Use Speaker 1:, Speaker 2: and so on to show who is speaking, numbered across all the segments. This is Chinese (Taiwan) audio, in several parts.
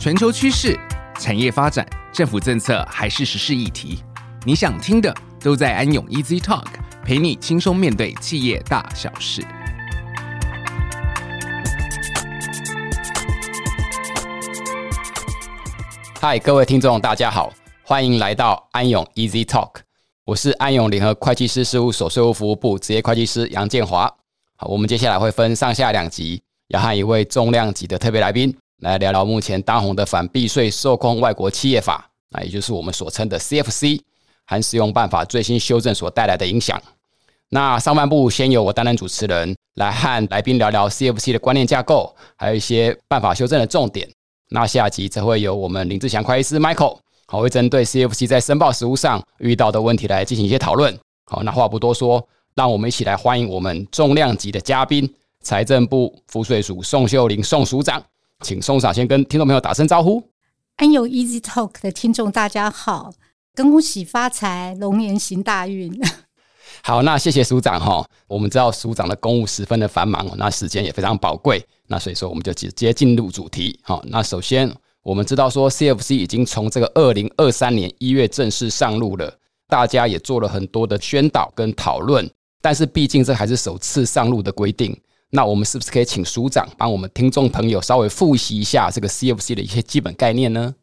Speaker 1: 全球趨勢、產業發展、政府政策還是時事議題，你想聽的都在安永 Easy Talk，陪你輕鬆面對企業大小事。嗨，各位聽眾，大家好，歡迎來到安永 Easy Talk，我是安永聯合會計師事務所稅務服務部執業會計師楊建華。好，我們接下來會分上下兩集，要和一位重量級的特別來賓。來聊聊目前當紅的反避稅受控外國企業法，那也就是我們所稱的 CFC 含適用辦法最新修正所帶來的影響。那上半部先由我擔任主持人，來和來賓聊聊 CFC 的觀念架構，還有一些辦法修正的重點。那下集則會由我們林志強會計師 Michael 好，會針對 CFC 在申報實務上遇到的問題來進行一些討論。好，那話不多說，讓我們一起來歡迎我們重量級的嘉賓，財政部賦稅署宋秀玲宋署長。請松嫂，先跟聽眾朋友打聲招呼。
Speaker 2: Anu Easy Talk 的聽眾大家好，恭喜發財，龍年行大運。
Speaker 1: 好，那謝謝署長哈。我們知道署長的公務十分的繁忙，那時間也非常寶貴，那所以說我們就直接進入主題那首先我們知道說，CFC 已經從這個二零二三年一月正式上路了，大家也做了很多的宣導跟討論，但是畢竟這還是首次上路的規定。那我們是不是可以請署長幫我們聽眾朋友稍微複習一下這個 CFC 的一些基本概念呢？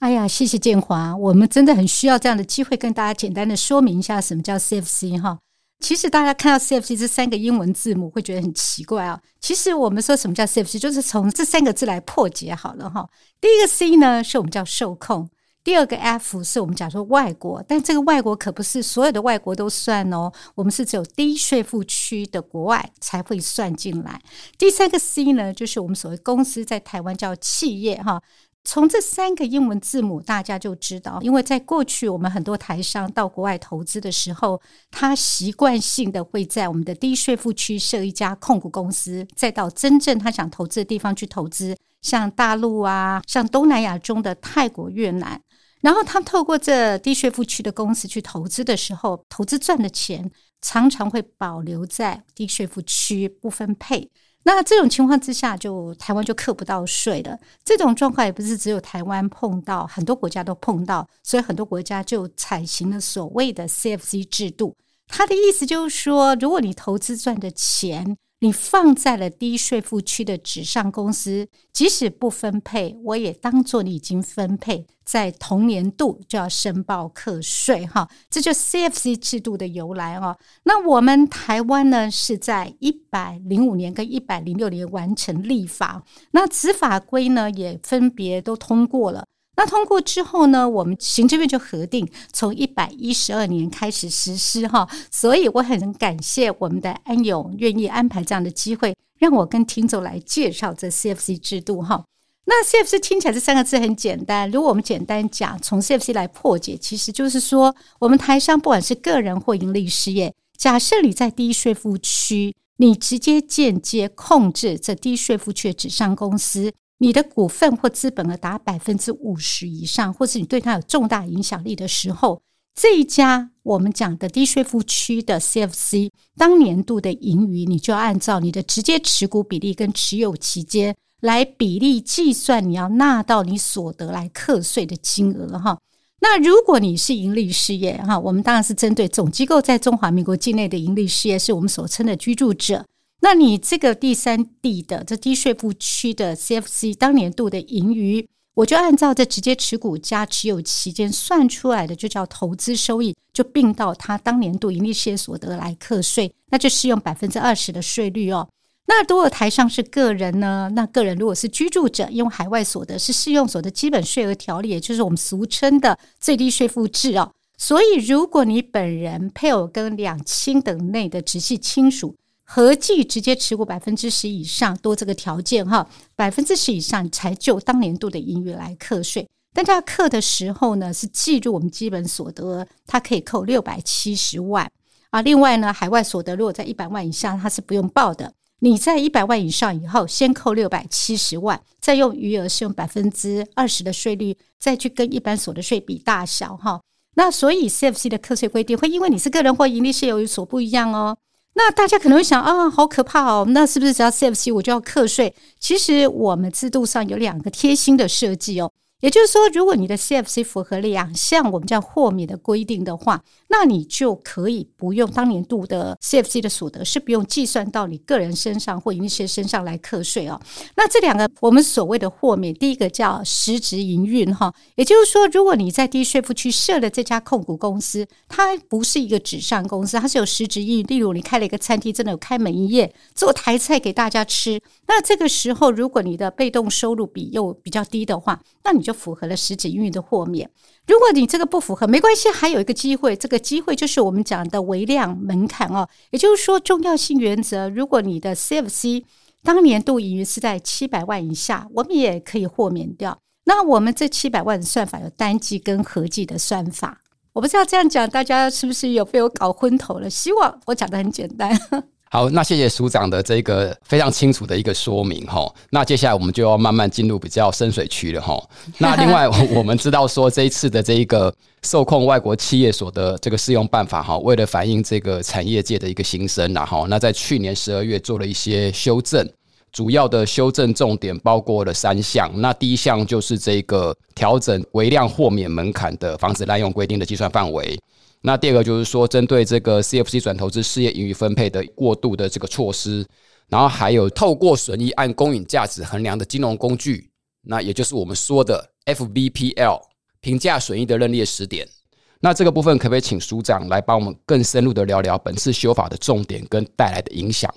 Speaker 2: 哎呀，謝謝建華，我們真的很需要這樣的機會跟大家簡單的說明一下什麼叫 CFC 哈。其實大家看到 CFC 這三個英文字母會覺得很奇怪啊。其實我們說什麼叫 CFC，就是從這三個字來破解好了哈。第一個 C 呢，是我們叫受控。第二個 F 是我們講說外國，但這個外國可不是所有的外國都算哦，我們是只有低稅負區的國外才會算進來。第三個 C 呢，就是我們所謂公司在台灣叫企業哈。從這三個英文字母，大家就知道，因為在過去我們很多台商到國外投資的時候，他習慣性的會在我們的低稅負區設一家控股公司，再到真正他想投資的地方去投資，像大陸啊，像東南亞中的泰國、越南。然後，他們透過這低稅負區的公司去投資的時候，投資賺的錢常常會保留在低稅負區不分配。那這種情況之下就，就台灣就扣不到稅了。這種狀況也不是只有台灣碰到，很多國家都碰到，所以很多國家就採行了所謂的 CFC 制度。他的意思就是說，如果你投資賺的錢，你放在了低稅負區的紙上公司，即使不分配，我也當做你已經分配，在同年度就要申報課稅，哈，這就是 CFC 制度的由來哦。那我們台灣呢，是在一百零五年跟一百零六年完成立法，那此法規呢也分別都通過了。那通過之後呢？我們行政院就核定，從一百一十二年開始實施哈。所以我很感謝我們的安永願意安排這樣的機會，讓我跟聽眾來介紹這 CFC 制度哈。那 CFC 聽起來這三個字很簡單，如果我們簡單講，從 CFC 來破解，其實就是說，我們台商不管是個人或營利事業，假設你在低稅負區，你直接間接控制這低稅負區的紙上公司。你的股份或資本額達百分之五十以上，或是你對它有重大影響力的時候，這一家我們講的低稅負區的 CFC，當年度的盈餘，你就要按照你的直接持股比例跟持有期間來比例計算，你要納到你所得來課稅的金額哈。那如果你是營利事業哈，我們當然是針對總機構在中華民國境內的營利事業，是我們所稱的居住者。那你這個第三地的這低稅負區的 CFC 當年度的盈餘，我就按照這直接持股加持有期間算出來的，就叫投資收益，就併到它當年度營利事業所得來課稅，那就適用百分之二十的稅率哦。那如果台上是個人呢？那個人如果是居住者，用海外所得是適用所得基本稅額條例，也就是我們俗稱的最低稅負制哦。所以如果你本人、配偶跟兩親等內的直系親屬，合計直接持股百分之十以上，多這個條件哈，百分之十以上才就當年度的盈餘來課稅。但在扣課的時候呢，是計入我們基本所得，它可以扣六百七十萬啊。另外呢，海外所得如果在一百萬以下，它是不用報的。你在一百萬以上以後，先扣六百七十萬，再用餘額是用百分之二十的稅率，再去跟一般所得稅比大小哈。那所以 CFC 的課稅規定會因為你是個人或營利事業有所不一樣哦。那大家可能會想啊、哦，好可怕哦！那是不是只要 C F C 我就要課稅？其實我們制度上有兩個貼心的設計哦，也就是說，如果你的 C F C 符合兩項我們叫豁免的規定的話。那你就可以不用當年度的 CFC 的所得是不用計算到你個人身上或營利事業身上來課稅哦。那這兩個我們所謂的豁免，第一個叫實質營運哈、哦，也就是說，如果你在低稅負區設了這家控股公司，它不是一個紙上公司，它是有實質營運。例如，你開了一個餐廳，真的有開門營業，做台菜給大家吃。那這個時候，如果你的被動收入比又比較低的話，那你就符合了實質營運的豁免。如果你這個不符合，沒關係，還有一個機會，這個機會就是我們講的微量門檻哦，也就是說重要性原則。如果你的 CFC 當年度盈餘是在七百萬以下，我們也可以豁免掉。那我們這七百萬的算法有單計跟合計的算法，我不知道這樣講大家是不是有被我搞昏頭了？希望我講得很簡單。
Speaker 1: 好，那謝謝署長的這個非常清楚的一個說明哈。那接下來我們就要慢慢進入比較深水區了哈。那另外我們知道說這一次的這一個受控外國企業所得這個適用辦法哈，為了反映這個產業界的一個心聲，然後那在去年十二月做了一些修正。主要的修正重點包括了三項。那第一項就是這個調整微量豁免門檻的防止濫用規定的計算範圍。那第二個就是說，針對這個 CFC 轉投資事業盈餘分配的過渡的這個措施。然後還有透過損益按公允價值衡量的金融工具，那也就是我們說的 FBPL 評價損益的認列時點。那這個部分可不可以請署長來幫我們更深入的聊聊本次修法的重點跟帶來的影響？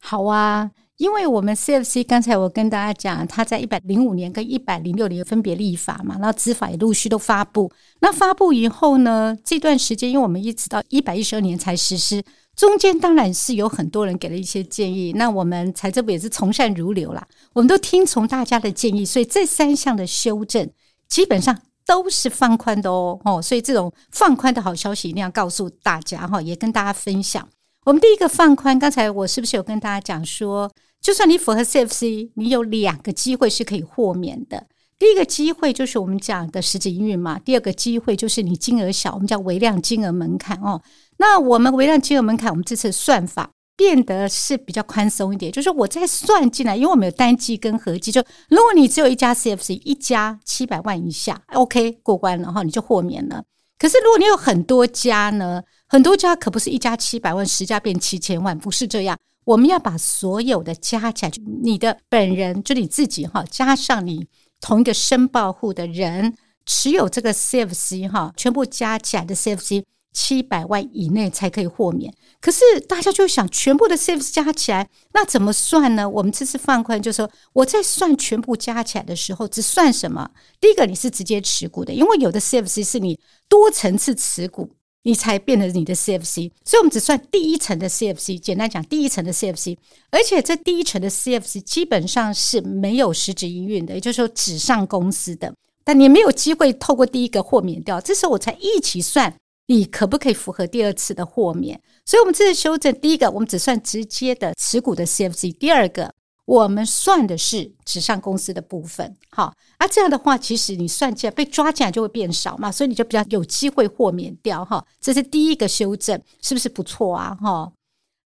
Speaker 2: 好啊。因為我們 CFC 剛才我跟大家講，它在一百零五年跟一百零六年分別立法嘛，然後執法也陸續都發布。那發布以後呢，這段時間，因為我們一直到一百一十二年才實施，中間當然是有很多人給了一些建議。那我們財政部也是從善如流啦，我們都聽從大家的建議，所以這三項的修正基本上都是放寬的哦哦，所以這種放寬的好消息一定要告訴大家，也跟大家分享。我們第一個放寬，剛才我是不是有跟大家講說，就算你符合 CFC，你有兩個機會是可以豁免的。第一個機會就是我們講的實質營運嘛，第二個機會就是你金額小，我們叫微量金額門檻哦。那我們微量金額門檻，我們這次的算法變得是比較寬鬆一點，就是我再算進來，因為我們有單計跟合計。就如果你只有一家 CFC，一家七百萬以下，OK 過關了，然後你就豁免了。可是如果你有很多家呢？很多家可不是一家七百萬，十家變七千萬，不是這樣。我們要把所有的加起來，你的本人就你自己哈，加上你同一個申報戶的人持有這個 CFC 哈，全部加起來的 CFC 七百萬以內才可以豁免。可是大家就想，全部的 CFC 加起來，那怎麼算呢？我們這次放寬就是說，我在算全部加起來的時候，只算什麼？第一個，你是直接持股的，因為有的 CFC 是你多層次持股。你才變成你的 CFC，所以我們只算第一層的 CFC。簡單講，第一層的 CFC，而且這第一層的 CFC 基本上是沒有實質營運的，也就是說，紙上公司的。但你沒有機會透過第一個豁免掉，這時候我才一起算你可不可以符合第二次的豁免。所以我們這次修正，第一個我們只算直接的持股的 CFC，第二個。我們算的是紙上公司的部分，哈，啊，這樣的話，其實你算起來被抓起來就會變少嘛，所以你就比較有機會豁免掉，哈，這是第一個修正，是不是不錯啊，哈？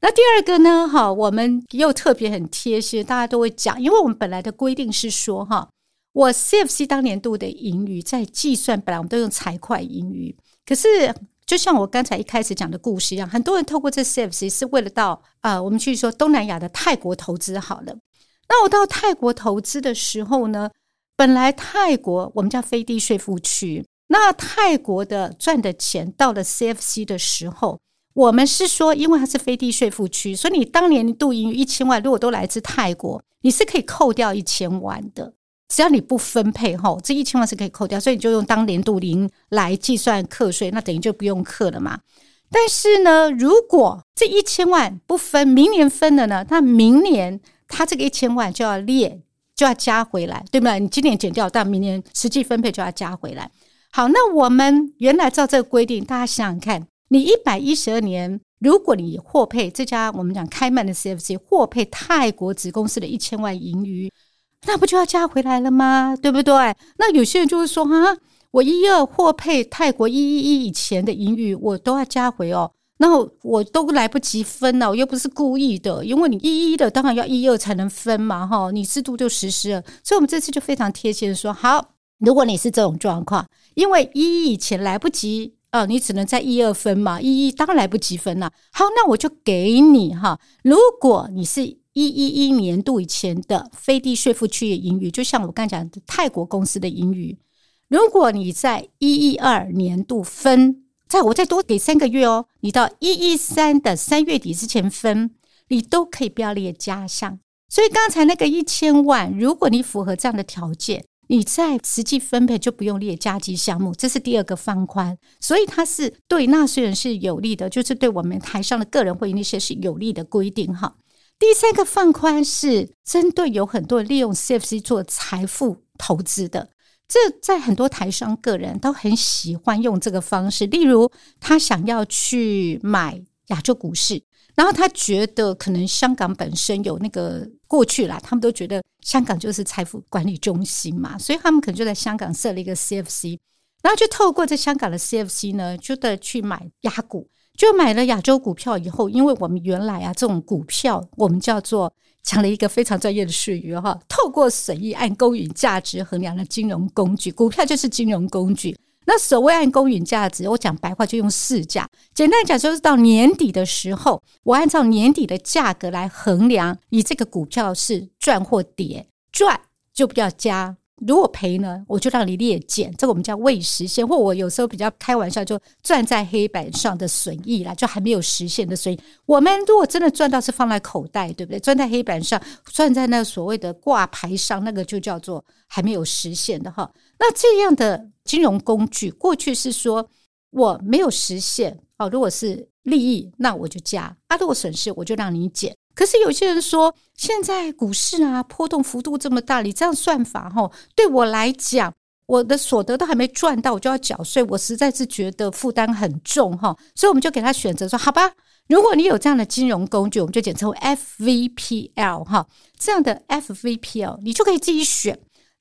Speaker 2: 那第二個呢，哈，我們又特別很貼心，大家都會講，因為我們本來的規定是說，哈，我 CFC 當年度的盈餘在計算，本來我們都用財會盈餘，可是就像我剛才一開始講的故事一樣，很多人透過這 CFC 是為了到啊、呃，我們去說東南亞的泰國投資好了。那我到泰國投資的時候呢，本來泰國我們叫非低稅負區，那泰國的賺的錢到了 CFC 的時候，我們是說，因為它是非低稅負區，所以你當年度盈餘一千萬，如果都來自泰國，你是可以扣掉一千萬的，只要你不分配後，這一千萬是可以扣掉，所以你就用當年度零來計算課稅，那等於就不用課了嘛。但是呢，如果這一千萬不分，明年分了呢，那明年。他這個一千萬就要列，就要加回來，對不對？你今年減掉，但明年實際分配就要加回來。好，那我們原來照這個規定，大家想想看，你一百一十二年，如果你獲配這家我們講開曼的 CFC，獲配泰國子公司的一千萬盈餘，那不就要加回來了嗎？對不對？那有些人就會說啊，我一二獲配泰國一一一以前的盈餘，我都要加回哦。那我都來不及分了，我又不是故意的，因為你一一的當然要一二才能分嘛，哈，你制度就實施了，所以我們這次就非常貼心的說，好，如果你是這種狀況，因為一一以前來不及啊、呃，你只能在一二分嘛，一一當然來不及分了。好，那我就給你哈，如果你是一一一年度以前的非低稅負區域盈餘，就像我剛才講的泰國公司的盈餘，如果你在一一二年度分。再我再多給三個月哦，你到一一三的三月底之前分，你都可以不要列加上。所以剛才那個一千萬，如果你符合這樣的條件，你在實際分配就不用列加計項目，這是第二個放寬。所以它是對納稅人是有利的，就是對我們台上的個人會議那些是有利的規定哈。第三個放寬是針對有很多利用 CFC 做財富投資的。這在很多台商個人都很喜歡用這個方式，例如他想要去買亞洲股市，然後他覺得可能香港本身有那個過去啦，他們都覺得香港就是財富管理中心嘛，所以他們可能就在香港設了一個 CFC，然後就透過在香港的 CFC 呢，就得去買亞股，就買了亞洲股票以後，因為我們原來啊這種股票我們叫做。講了一個非常專業的術語哈，透過損益按公允價值衡量的金融工具，股票就是金融工具。那所謂按公允價值，我講白話就用市價。簡單講，就是到年底的時候，我按照年底的價格來衡量，以這個股票是賺或跌，賺就不要加。如果賠呢，我就讓你列減，這個我們叫未實現，或我有時候比較開玩笑，就賺在黑板上的損益啦，就還沒有實現的損益。我們如果真的賺到是放在口袋，對不對？賺在黑板上，賺在那所謂的掛牌上，那個就叫做還沒有實現的哈。那這樣的金融工具，過去是說我沒有實現哦。如果是利益，那我就加；啊，如果損失，我就讓你減。可是有些人說，現在股市啊，波動幅度這麼大，你這樣算法哈，對我來講，我的所得都還沒賺到，我就要繳稅，我實在是覺得負擔很重哈。所以我們就給他選擇說，好吧，如果你有這樣的金融工具，我們就簡稱 FVPL 哈，這樣的 FVPL 你就可以自己選。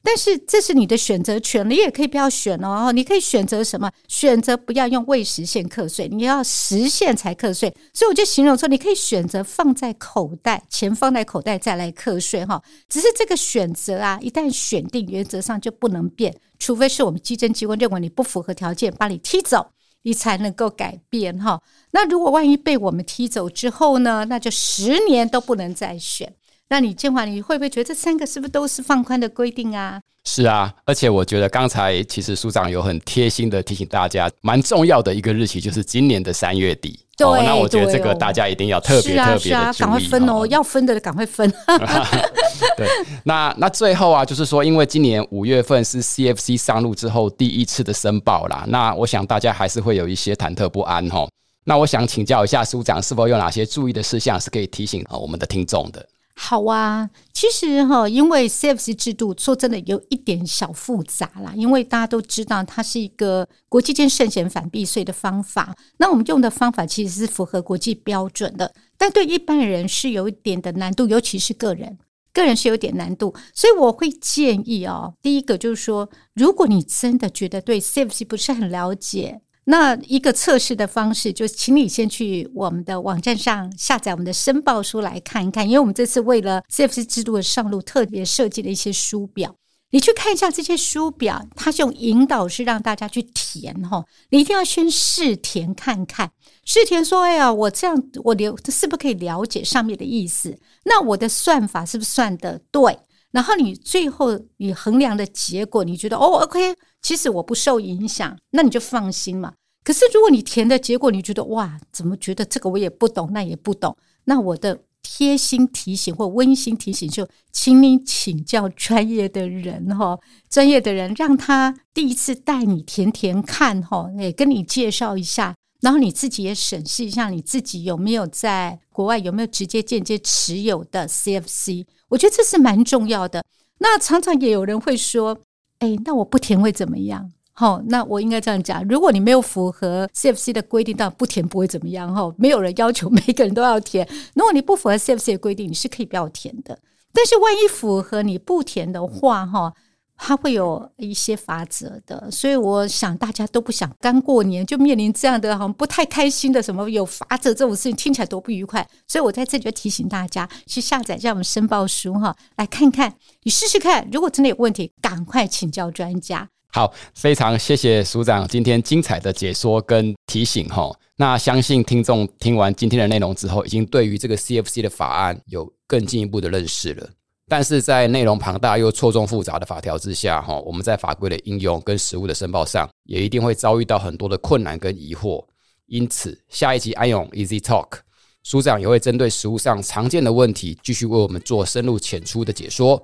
Speaker 2: 但是這是你的選擇權，你也可以不要選哦。你可以選擇什麼？選擇不要用未實現課稅，你要實現才課稅。所以我就形容說，你可以選擇放在口袋，錢放在口袋再來課稅哈。只是這個選擇啊，一旦選定，原則上就不能變，除非是我們稽徵機關認為你不符合條件，把你踢走，你才能夠改變哈。那如果萬一被我們踢走之後呢？那就十年都不能再選。那你，建華，你會不會覺得這三個是不是都是放寬的規定啊？
Speaker 1: 是啊，而且我覺得剛才其實署長有很貼心的提醒大家，蠻重要的一個日期就是今年的三月底。對、哦，那我覺得這個大家一定要特別特別的注意哦，啊啊、趕快分
Speaker 2: 哦、要分的趕快分。 對，
Speaker 1: 那那最後啊，就是說，因為今年五月份是 CFC 上路之後第一次的申報啦，那我想大家還是會有一些忐忑不安哈、哦。那我想請教一下署長，是否有哪些注意的事項是可以提醒我們的聽眾的？
Speaker 2: 好哇、啊，其實哈、哦，因為 CFC 制度說真的有一點小複雜啦，因為大家都知道它是一個國際間盛行反避稅的方法。那我們用的方法其實是符合國際標準的，但對一般人是有一點的難度，尤其是個人，個人是有點難度。所以我會建議哦，第一個就是說，如果你真的覺得對 CFC 不是很了解。那一個測試的方式，就請你先去我們的網站上下載我們的申報書來看一看，因為我們這次為了 CFC 制度的上路，特別設計了一些書表，你去看一下這些書表，它是用引導式讓大家去填哈，你一定要先試填看看，試填說，哎呀，我這樣我了，是不是可以了解上面的意思？那我的算法是不是算得對？然後你最後你衡量的結果，你覺得哦，OK，其實我不受影響，那你就放心嘛。可是如果你填的結果，你覺得哇，怎麼覺得這個我也不懂，那也不懂，那我的貼心提醒或溫馨提醒就是，請你請教專業的人哈、哦，專業的人讓他第一次帶你填填看哈、哦，也跟你介紹一下，然後你自己也審視一下你自己有沒有在國外有沒有直接間接持有的 CFC。我覺得這是蠻重要的。那常常也有人會說：“哎、欸，那我不填會怎麼樣？”吼、哦，那我應該這樣講：如果你沒有符合 CFC 的規定，當然不填不會怎麼樣。吼，沒有人要求每個人都要填。如果你不符合 CFC 的規定，你是可以不要填的。但是萬一符合，你不填的話，吼、嗯。它會有一些罰則的，所以我想大家都不想剛過年就面臨這樣的好像不太開心的什麼有罰則這種事情聽起來多不愉快，所以我在這裡就提醒大家去下載這樣的申報書哈，來看看你試試看，如果真的有問題，趕快請教專家。
Speaker 1: 好，非常謝謝署長今天精彩的解說跟提醒哈，那相信聽眾聽完今天的內容之後，已經對於這個 CFC 的法案有更進一步的認識了。但是在內容龐大又錯綜複雜的法條之下，我們在法規的應用跟實務的申報上，也一定會遭遇到很多的困難跟疑惑。因此，下一集安永 Easy Talk 署長也會針對實務上常見的問題，繼續為我們做深入淺出的解說。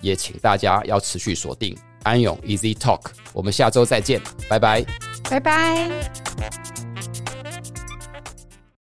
Speaker 1: 也請大家要持續鎖定安永 Easy Talk，我們下周再見，拜拜，
Speaker 2: 拜拜。